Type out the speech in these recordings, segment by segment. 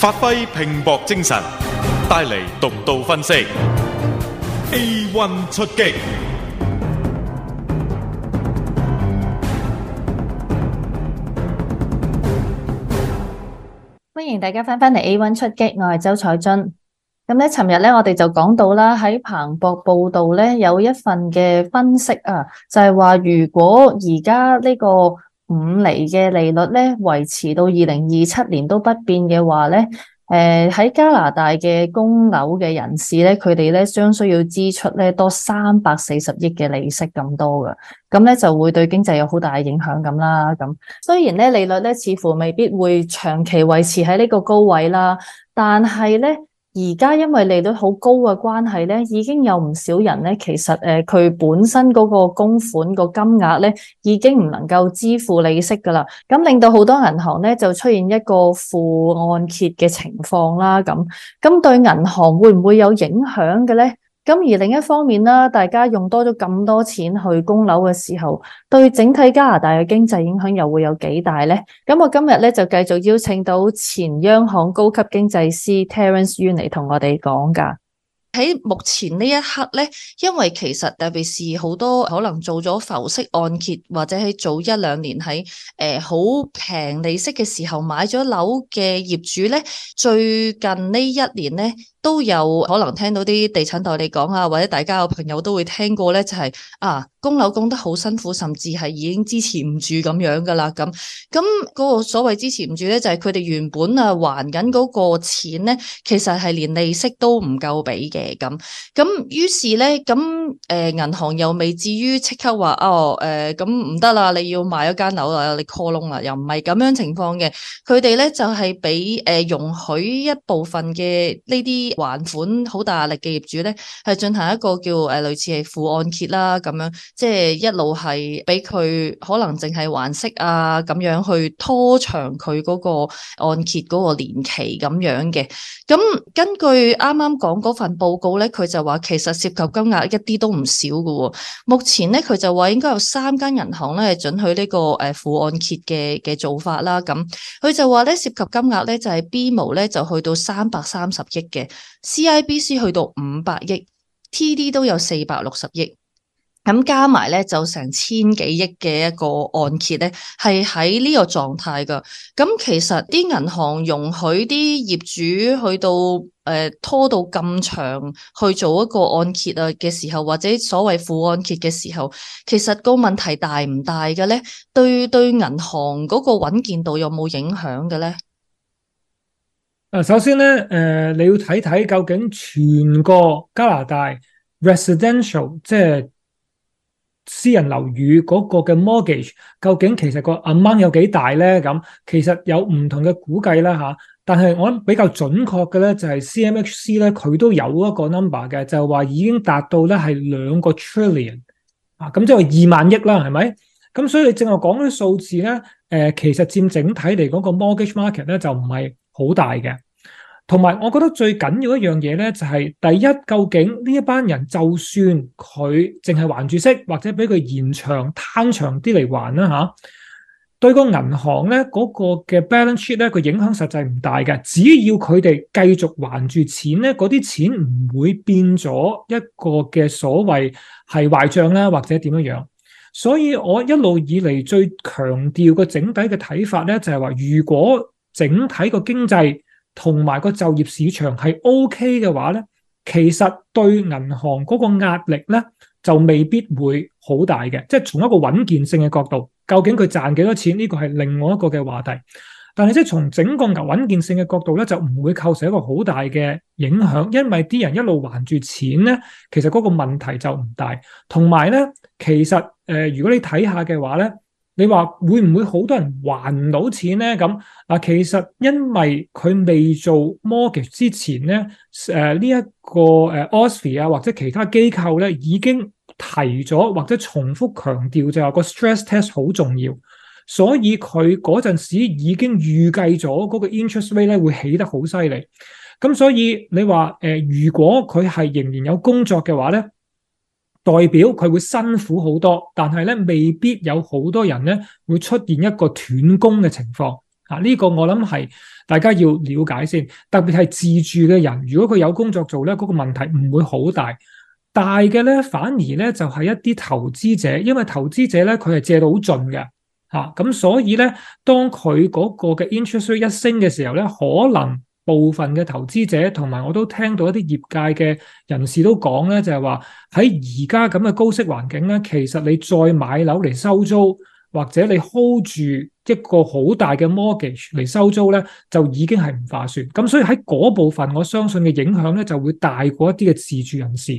發揮拼搏精神，帶嚟獨到分析。A one 出擊，歡迎大家返返嚟 A one 出擊，我係周彩珍。咁咧，尋日咧，我哋就講到啦，喺彭博報道咧有一份嘅分析啊，就係話如果而家呢個。五厘嘅利率咧維持到二零二七年都不變嘅話咧，誒、呃、喺加拿大嘅供樓嘅人士咧，佢哋咧將需要支出咧多三百四十億嘅利息咁多㗎，咁咧就會對經濟有好大嘅影響咁啦。咁雖然咧利率咧似乎未必會長期維持喺呢個高位啦，但係咧。而家因為利率好高嘅關係咧，已經有唔少人咧，其實誒佢本身嗰個供款、個金額咧，已經唔能夠支付利息噶啦，咁令到好多銀行咧就出現一個負按揭嘅情況啦，咁咁對銀行會唔會有影響嘅咧？咁而另一方面啦，大家用多咗咁多錢去供樓嘅時候，對整體加拿大嘅經濟影響又會有幾大呢？咁我今日呢，就繼續邀請到前央行高級經濟師 Terence Yuen 嚟同我哋講㗎。喺目前呢一刻咧，因為其實特別是好多可能做咗浮息按揭，或者喺早一兩年喺誒好平利息嘅時候買咗樓嘅業主咧，最近呢一年咧，都有可能聽到啲地產代理講啊，或者大家有朋友都會聽過咧，就係、是、啊。供樓供得好辛苦，甚至係已經支持唔住咁樣噶啦，咁咁嗰個所謂支持唔住咧，就係佢哋原本啊還緊嗰個錢咧，其實係連利息都唔夠俾嘅，咁咁於是咧，咁誒銀行又未至於即刻話哦誒咁唔得啦，你要賣一間樓啦，你 call 窿啦，又唔係咁樣情況嘅，佢哋咧就係俾誒容許一部分嘅呢啲還款好大壓力嘅業主咧，係進行一個叫誒、呃、類似係付按揭啦咁樣。即係一路係俾佢可能淨係還息啊咁樣去拖長佢嗰個按揭嗰個年期咁樣嘅。咁根據啱啱講嗰份報告咧，佢就話其實涉及金額一啲都唔少嘅喎、哦。目前咧佢就話應該有三間銀行咧準許呢、這個誒負按揭嘅嘅做法啦。咁佢就話咧涉及金額咧就係、是、BMO 咧就去到三百三十億嘅，CIBC 去到五百億，TD 都有四百六十億。咁加埋咧，就成千幾億嘅一個按揭咧，係喺呢個狀態噶。咁其實啲銀行容許啲業主去到誒、呃、拖到咁長去做一個按揭啊嘅時候，或者所謂負按揭嘅時候，其實個問題大唔大嘅咧？對對，對，銀行嗰個穩健度有冇影響嘅咧？誒，首先咧，誒、呃、你要睇睇究竟全個加拿大 residential 即係。私人樓宇嗰個嘅 mortgage 究竟其實個 amount 有幾大咧？咁其實有唔同嘅估計啦嚇，但係我諗比較準確嘅咧就係 CMHC 咧，佢都有一個 number 嘅，就係、是、話已經達到咧係兩個 trillion 啊，咁即係二萬億啦，係咪？咁所以你正話講啲數字咧，誒、呃、其實佔整體嚟講個 mortgage market 咧就唔係好大嘅。同埋，我覺得最緊要一樣嘢咧，就係第一，究竟呢一班人就算佢淨係還住息，或者俾佢延長攤長啲嚟還啦嚇、啊，對個銀行咧嗰、嗰個嘅 balance sheet 咧，個影響實際唔大嘅。只要佢哋繼續還住錢咧，嗰啲錢唔會變咗一個嘅所謂係壞帳啦，或者點樣樣。所以我一路以嚟最強調個整體嘅睇法咧，就係、係、話如果整體個經濟，同埋個就業市場係 OK 嘅話咧，其實對銀行嗰個壓力咧就未必會好大嘅，即係從一個穩健性嘅角度，究竟佢賺幾多錢呢個係另外一個嘅話題。但係即係從整個穩健性嘅角度咧，就唔會構成一個好大嘅影響，因為啲人一路還住錢咧，其實嗰個問題就唔大。同埋咧，其實誒、呃，如果你睇下嘅話咧。你話會唔會好多人還唔到錢咧？咁啊，其實因為佢未做 mortgage 之前咧，誒呢一個誒 OSFI 啊或者其他機構咧已經提咗或者重複強調就話個 stress test 好重要，所以佢嗰陣時已經預計咗嗰個 interest rate 咧會起得好犀利。咁所以你話誒，如果佢係仍然有工作嘅話咧，代表佢會辛苦好多，但係咧未必有好多人咧會出現一個斷供嘅情況。啊，呢個我諗係大家要了解先，特別係自住嘅人，如果佢有工作做咧，嗰、那個問題唔會好大。大嘅咧，反而咧就係、是、一啲投資者，因為投資者咧佢係借到好盡嘅，嚇、啊、咁所以咧，當佢嗰個嘅 interest 一升嘅時候咧，可能。部分嘅投資者同埋我都聽到一啲業界嘅人士都講咧，就係話喺而家咁嘅高息環境咧，其實你再買樓嚟收租，或者你 hold 住一個好大嘅 mortgage 嚟收租咧，就已經係唔划算。咁所以喺嗰部分，我相信嘅影響咧就會大過一啲嘅自住人士。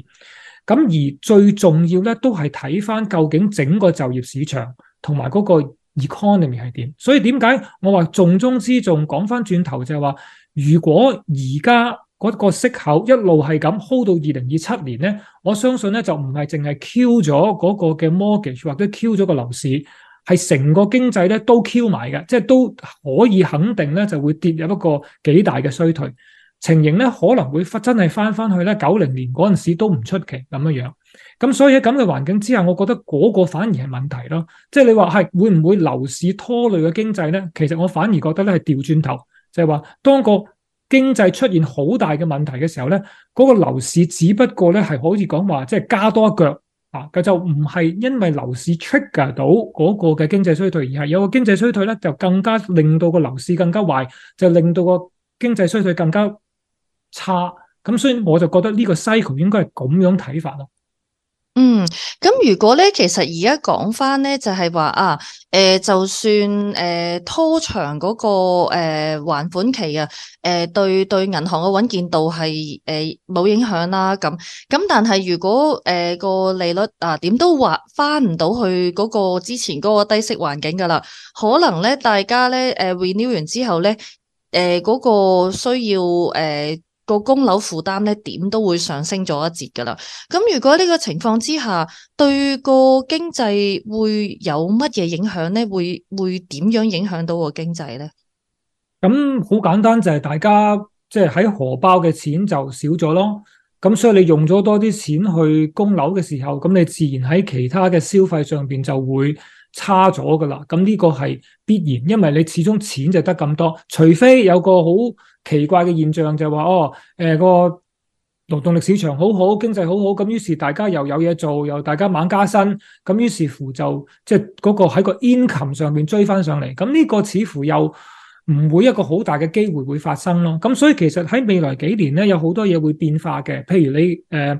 咁而最重要咧，都係睇翻究竟整個就業市場同埋嗰個 economy 係點。所以點解我話重中之重？講翻轉頭就係、是、話。如果而家嗰個息口一路係咁 hold 到二零二七年咧，我相信咧就唔係淨係 Q 咗嗰個嘅 mortgage 或者 Q 咗個樓市，係成個經濟咧都 Q 埋嘅，即係都可以肯定咧就會跌入一個幾大嘅衰退情形咧，可能會真係翻翻去咧九零年嗰陣時都唔出奇咁樣樣。咁所以喺咁嘅環境之下，我覺得嗰個反而係問題咯。即係你話係會唔會樓市拖累嘅經濟咧？其實我反而覺得咧係調轉頭。就係話，當個經濟出現好大嘅問題嘅時候咧，嗰、那個樓市只不過咧係可以講話，即係加多一腳啊，佢就唔係因為樓市 trigger 到嗰個嘅經濟衰退，而係有個經濟衰退咧就更加令到個樓市更加壞，就令到個經濟衰退更加差。咁所以我就覺得呢個 cycle 應該係咁樣睇法咯。嗯，咁如果咧，其實而家講翻咧，就係、是、話啊，誒、呃，就算誒、呃、拖長嗰、那個誒、呃、還款期啊，誒、呃，對對銀行嘅穩健度係誒冇影響啦，咁，咁但係如果誒、呃、個利率啊點都還翻唔到去嗰個之前嗰個低息環境噶啦，可能咧大家咧誒、呃、renew 完之後咧，誒、呃、嗰、那個需要誒。呃個供樓負擔咧點都會上升咗一截噶啦，咁如果呢個情況之下，對個經濟會有乜嘢影響咧？會會點樣影響到個經濟咧？咁好簡單就係大家即係喺荷包嘅錢就少咗咯，咁所以你用咗多啲錢去供樓嘅時候，咁你自然喺其他嘅消費上面就會差咗噶啦，咁呢個係必然，因為你始終錢就得咁多，除非有個好。奇怪嘅現象就係話，哦，誒，呃，嗰個勞動力市場好好，經濟好好，咁於是大家又有嘢做，又大家猛加薪，咁於是乎就即係嗰個喺個 income 上面追翻上嚟，咁呢個似乎又唔會一個好大嘅機會會發生咯。咁所以其實喺未來幾年呢，有好多嘢會變化嘅，譬如你誒。呃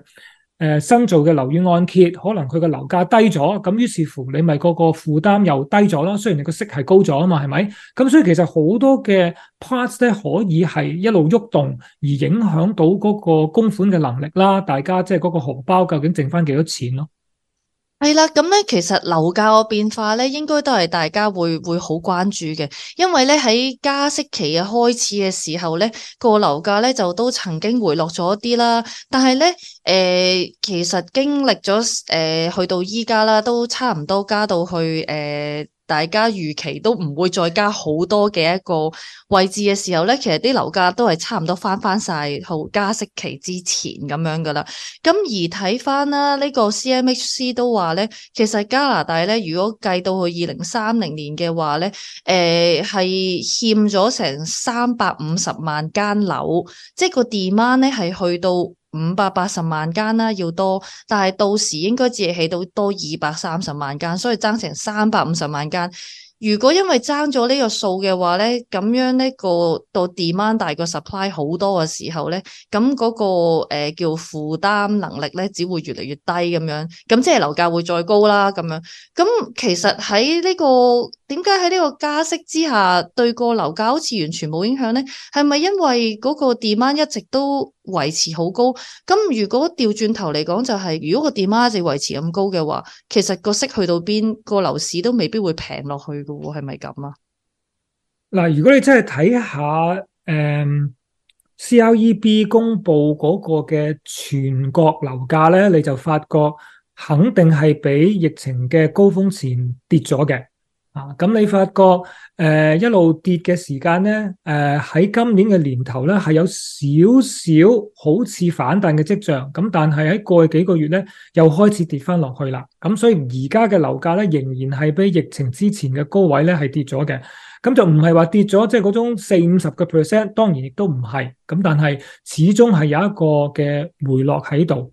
誒、呃、新造嘅樓宇按揭，可能佢嘅樓價低咗，咁於是乎你咪個個負擔又低咗咯。雖然你個息係高咗啊嘛，係咪？咁所以其實好多嘅 parts 咧，可以係一路喐動，而影響到嗰個供款嘅能力啦。大家即係嗰個荷包究竟剩翻幾多錢咯？係啦，咁咧其實樓價嘅變化咧，應該都係大家會會好關注嘅，因為咧喺加息期嘅開始嘅時候咧，個樓價咧就都曾經回落咗一啲啦，但係咧誒，其實經歷咗誒，去到而家啦，都差唔多加到去誒。呃大家預期都唔會再加好多嘅一個位置嘅時候咧，其實啲樓價都係差唔多翻翻晒好加息期之前咁樣噶啦。咁而睇翻啦，呢個 CMHC 都話咧，其實加拿大咧，如果計到去二零三零年嘅話咧，誒、呃、係欠咗成三百五十萬間樓，即係個 demand 咧係去到，五百八十萬間啦，要多，但係到時應該只係起到多二百三十萬間，所以爭成三百五十萬間。如果因為爭咗呢個數嘅話咧，咁樣呢個到 demand 大過 supply 好多嘅時候咧，咁嗰、那個誒、呃、叫負擔能力咧，只會越嚟越低，咁樣，咁即係樓價會再高啦咁樣。咁其實喺呢、這個點解喺呢個加息之下對個樓價好似完全冇影響咧？係咪因為嗰個 demand 一直都維持好高？咁如果調轉頭嚟講就係、是，如果個 demand 一直維持咁高嘅話，其實個息去到邊，個樓市都未必會平落去。係咪咁啊？嗱，如果你真係睇下誒、嗯、CLEB 公佈，嗰個嘅全國樓價咧，你就發覺肯定係比疫情嘅高峰前跌咗嘅。咁你發覺，誒、呃、一路跌嘅時間咧，誒、呃、喺今年嘅年頭咧係有少少好似反彈嘅跡象，咁但係喺過去幾個月咧又開始跌翻落去啦，咁所以而家嘅樓價咧仍然係比疫情之前嘅高位咧係跌咗嘅，咁就唔係話跌咗，即係嗰種四五十個 percent，當然亦都唔係，咁但係始終係有一個嘅回落喺度。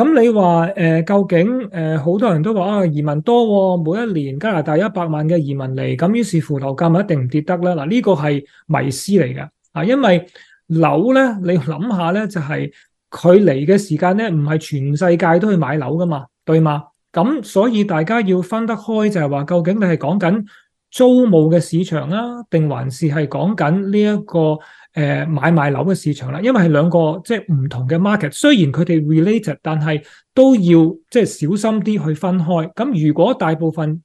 咁你話誒、呃，究竟誒，好、呃、多人都話啊，移民多、哦，每一年加拿大一百萬嘅移民嚟，咁於是乎樓價咪一定唔跌得啦。嗱、啊，呢、呢個係迷思嚟嘅啊，因為樓咧，你諗下咧，就係佢嚟嘅時間咧，唔係全世界都去買樓噶嘛，對嘛？咁、啊嗯、所以大家要分得開就，就係話究竟你係講緊，租務嘅市場啊，定還是係講緊呢一個誒、呃、買賣樓嘅市場啦、啊？因為係兩個即係唔同嘅 market，雖然佢哋 related，但係都要即係小心啲去分開。咁如果大部分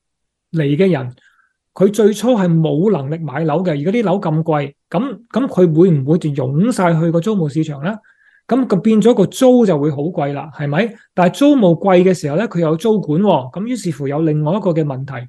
嚟嘅人佢最初係冇能力買樓嘅，而家啲樓咁貴，咁咁佢會唔會就湧晒去個租務市場咧？咁個變咗個租就會好貴啦，係咪？但係租務貴嘅時候咧，佢有租管喎、哦，咁於是乎有另外一個嘅問題。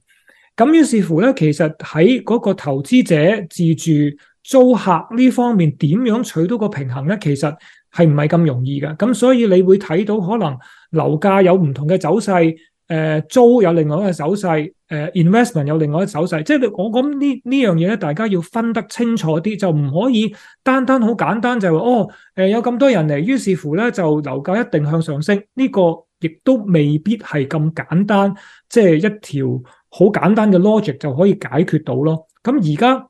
咁於是乎咧，其實喺嗰個投資者自住租客呢方面，點樣取到個平衡咧？其實係唔係咁容易嘅？咁所以你會睇到可能樓價有唔同嘅走勢，誒、呃、租有另外一個走勢，誒、呃、investment 有另外一個走勢。即係我諗呢呢樣嘢咧，大家要分得清楚啲，就唔可以單單好簡單就話、是、哦，誒、呃、有咁多人嚟，於是乎咧就樓價一定向上升。呢、這個亦都未必係咁簡單，即係一條。好簡單嘅 logic 就可以解決到咯。咁而家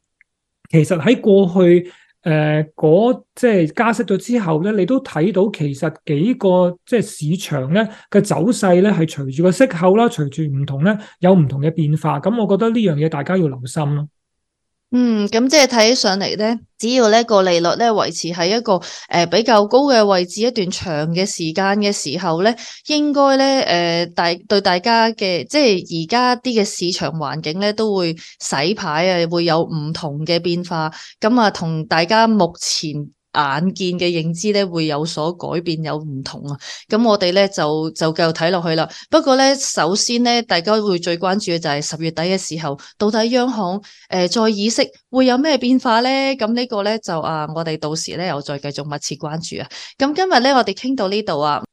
其實喺過去誒嗰即係加息咗之後咧，你都睇到其實幾個即係、就是、市場咧嘅走勢咧，係隨住個息口啦，隨住唔同咧有唔同嘅變化。咁我覺得呢樣嘢大家要留心咯。嗯，咁即係睇起上嚟咧，只要呢個利率咧維持喺一個誒、呃、比較高嘅位置一段長嘅時間嘅時候咧，應該咧誒大對大家嘅即係而家啲嘅市場環境咧都會洗牌啊，會有唔同嘅變化，咁啊同大家目前眼見嘅認知咧會有所改變，有唔同啊，咁我哋咧就就繼續睇落去啦。不過咧，首先咧，大家會最關注嘅就係十月底嘅時候，到底央行誒、呃、再議息會有咩變化咧？咁呢個咧就啊，我哋到時咧又再繼續密切關注啊。咁今日咧，我哋傾到呢度啊。